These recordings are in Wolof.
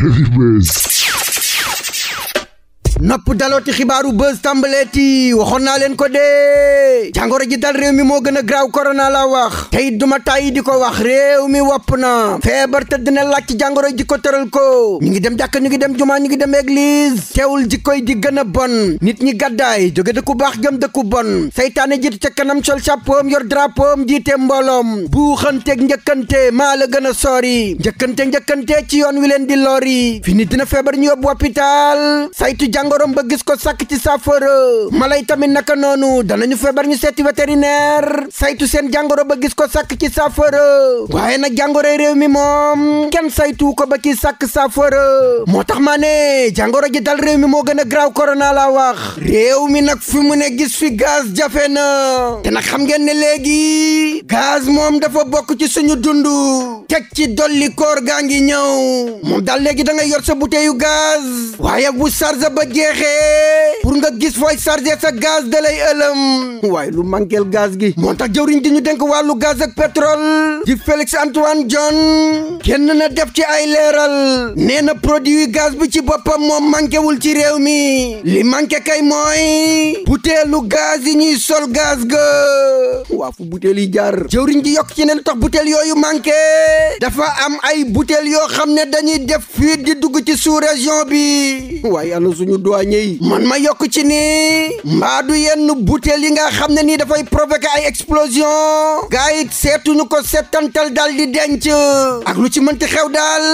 Heavyweight. nopp dalooti xibaaru buzz tàmbaleeti waxoon naa leen ko dee jàngoro ji dal réew mi moo gën a graaw korona la wax tey duma tàyyi di ko wax réew mi wopp na feebar te dina laaj ci jàngoro ji ko tëral ko ñu ngi dem jàkk ñu ngi dem jumaa ñu ngi dem église teewul jikkoy di gën a bon nit ñi gàddaay jóge dëkku baax jëm dëkku bon saytaane jiitu ca kanam sol chapeau yor drapeau jiite mbooloom buuxanteeg njëkkante maa la gën a sori njëkkante njëkkante ci yoon wi leen di lori fi nit dina feebar ñu yóbbu hôpital saytu jàng jàngoroom ba gis ko sàkk ci saafara mala yi tamit naka noonu danañu feebar ñu seeti vétérinaire saytu seen jàngoro ba gis ko sàkk ci saafara waaye nag jàngoroy réew mi moom kenn saytu ko ba ci sàkk saafara moo tax maa ne jàngoro ji dal moo gën a graaw corona laa wax mi nag fi mu gis fi jafe na te nag xam ngeen léegi gaz moom dafa bokk ci suñu dund teg ci dolli gaa ngi ñëw moom daal léegi da nga yor sa bouteille yu gaz waaye bu charge ba jeexee pour nga gis fooy chargé sa gaz da lay waaye lu manqueel gaz gi moo tax jëwriñ di ñu dénk wàllu gaz ak pétrole di Félix Antoine John kenn na def ci ay leeral nee na produit gaz bi ci boppam moom manquéwul ci réew mi li manqué kay mooy buteelu gas yi ñuy sol gaz ga waa fu buteel yi jaar jëwriñ di yokk ci ne lu tax buteel yooyu manqué dafa am ay buteel yoo xam ne dañuy def fii di dugg ci sous région bi waaye ana suñu douanier yi man ma yokk ci nii mbaa du yenn butéel yi nga xam ne nii dafay provoquer ay explosion gars yi seetuñu ko settantal daal di denc ak lu ci mënti xew daal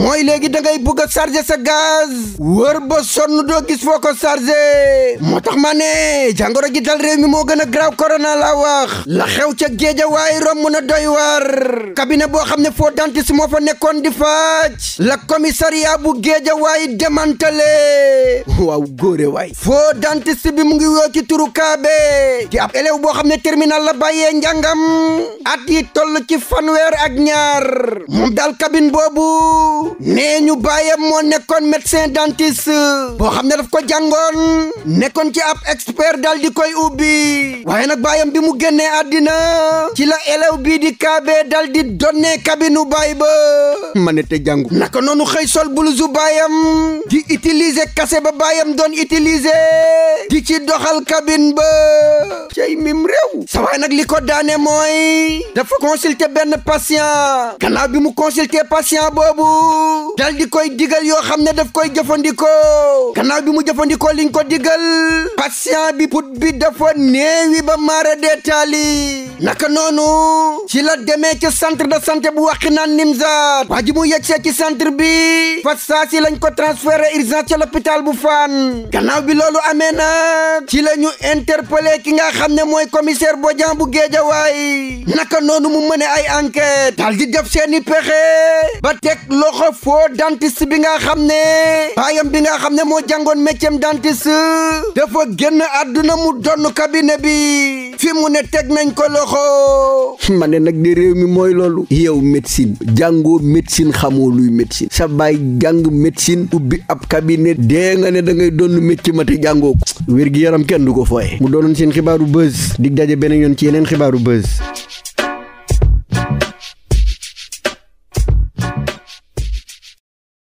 mooy léegi dangay bugg a charger sa gaz wër ba sonn doo gis foo ko charger moo tax ma ne jàngoro gi dal réew mi moo gën a graaw corona laa wax la xew ca géeja waaye romb na doy war cabinet boo xam ne foo dentiste moo fa nekkoon di faaj la commissariat bu géeja waaye démantelé waaw góore waay foo dentiste bi mu ngi woo ci turu kaabe di ab élève boo xam ne terminal la bàyyee njàngam at yi toll ci fanweer ak ñaar moom daal cabine boobu nee ñu bàyyam moo nekkoon médecin dentiste boo xam ne daf ko jàngoon nekkoon ci ab expert daal di koy ubbi waaye nag bàyyam bi mu génnee àddina ci la élève bii di kaabe dal di donne baay ba ma ne te jàngu naka noonu xëy sol bulusu baayam di utiliser kase ba baayam doon utiliser ci doxal cabine ba cay mim réew sa nag li ko daane mooy dafa consulter benn patient gannaaw bi mu consulter patient boobu dal di koy digal yoo xam ne daf koy jëfandikoo gannaaw bi mu jëfandikoo liñ ko digal patient bi put bi dafa néewi ba maara deetaali naka noonu ci la demee ci centre de santé bu Wakhinane Nimzatt waa ji mu yegsee ci centre bi fa saa si lañ ko transféré urgence ci l'hôpital bu Fann gannaaw bi loolu amee na ci la ñu ki nga xam ne mooy commissaire Bodian bu Géejawaay naka noonu mu mëne ay enquête dal di def seeni pexe ba teg loxo foo dentiste bi nga xam ne baayam bi nga xam ne moo jangoon métier dentiste dafa génn àdduna mu donn cabinet bi fi mu ne teg nañ ko loxo ma ne nag de réew mi mooy loolu yow médecine jàngoo médecine xamoo luy médecine sa baay jàng médecine ubbi ab cabinet dee nga ne da ngay doon métti ma te jàngoo ko wér gi yaram kenn du ko fooye mu doonoon seen xibaaru buzz dig daje beneen yoon ci yeneen xibaaru buzz